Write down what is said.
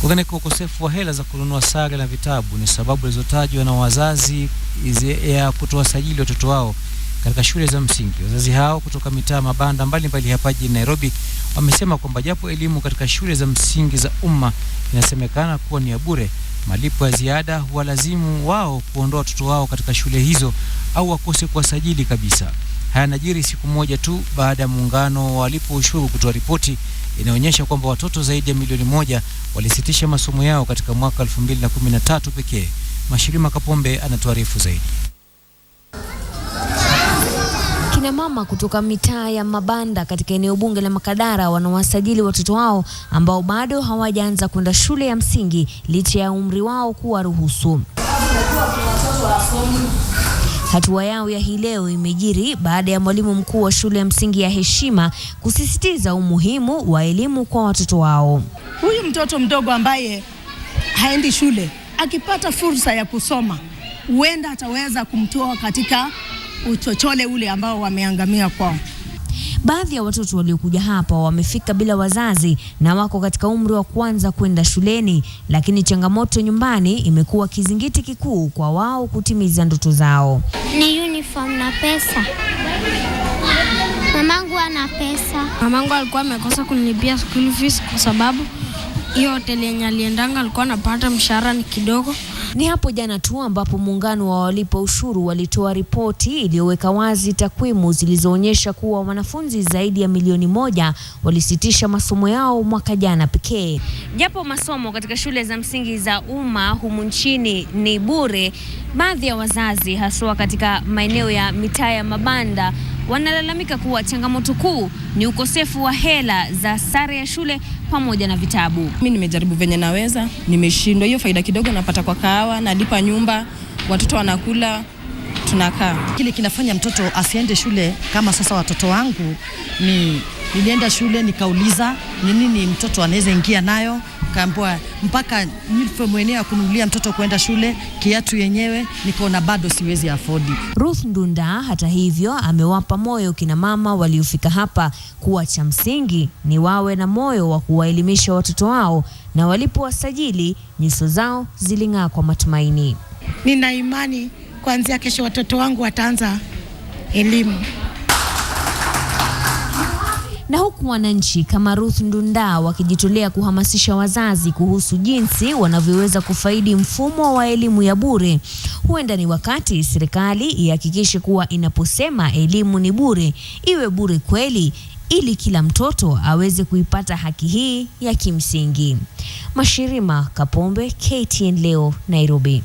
Kudhani ukosefu wa hela za kununua sare na vitabu ni sababu zilizotajwa na wazazi ya kutowasajili watoto wao katika shule za msingi. Wazazi hao kutoka mitaa mabanda mbalimbali hapa jijini Nairobi wamesema kwamba japo elimu katika shule za msingi za umma inasemekana kuwa ni ya bure, malipo ya ziada huwalazimu wao kuondoa watoto wao katika shule hizo au wakose kuwasajili kabisa. Haya yanajiri siku moja tu baada ya muungano wa walipo ushuru kutoa ripoti inaonyesha kwamba watoto zaidi ya milioni moja walisitisha masomo yao katika mwaka 2013 pekee. Mashirima Kapombe anatuarifu zaidi. Kina mama kutoka mitaa ya mabanda katika eneo bunge la Makadara wanawasajili watoto wao ambao bado hawajaanza kwenda shule ya msingi licha ya umri wao kuwaruhusu. Hatua yao ya hii leo imejiri baada ya mwalimu mkuu wa shule ya msingi ya Heshima kusisitiza umuhimu wa elimu kwa watoto wao. Huyu mtoto mdogo ambaye haendi shule akipata fursa ya kusoma, huenda ataweza kumtoa katika uchochole ule ambao wameangamia kwao. Baadhi ya watoto waliokuja hapa wamefika bila wazazi na wako katika umri wa kwanza kwenda shuleni, lakini changamoto nyumbani imekuwa kizingiti kikuu kwa wao kutimiza ndoto zao. Ni uniform na pesa. Mamangu ana pesa. Mamangu alikuwa amekosa kunilipia school fees kwa sababu hiyo hoteli yenye aliendanga alikuwa anapata mshahara ni kidogo. Ni hapo jana tu ambapo muungano wa walipa ushuru walitoa ripoti iliyoweka wazi takwimu zilizoonyesha kuwa wanafunzi zaidi ya milioni moja walisitisha masomo yao mwaka jana pekee. Japo masomo katika shule za msingi za umma humu nchini ni bure, baadhi ya wazazi haswa katika maeneo ya mitaa ya mabanda wanalalamika kuwa changamoto kuu ni ukosefu wa hela za sare ya shule pamoja na vitabu. Mimi nimejaribu venye naweza, nimeshindwa. Hiyo faida kidogo napata kwa kahawa, nalipa nyumba, watoto wanakula tunakaa. Kile kinafanya mtoto asiende shule kama sasa watoto wangu ni Nilienda shule nikauliza ni nini mtoto anaweza ingia nayo, kaambiwa mpaka uniform yenyewe ya kununulia mtoto kwenda shule, kiatu yenyewe, nikaona bado siwezi afford. Ruth Ndunda hata hivyo amewapa moyo kina mama waliofika hapa kuwa cha msingi ni wawe na moyo wa kuwaelimisha watoto wao, na walipowasajili nyuso zao ziling'aa kwa matumaini. Nina imani kuanzia kesho watoto wangu wataanza elimu. Na huku wananchi kama Ruth Ndunda wakijitolea kuhamasisha wazazi kuhusu jinsi wanavyoweza kufaidi mfumo wa elimu ya bure, huenda ni wakati serikali ihakikishe kuwa inaposema elimu ni bure, iwe bure kweli ili kila mtoto aweze kuipata haki hii ya kimsingi. Mashirima Kapombe, KTN leo, Nairobi.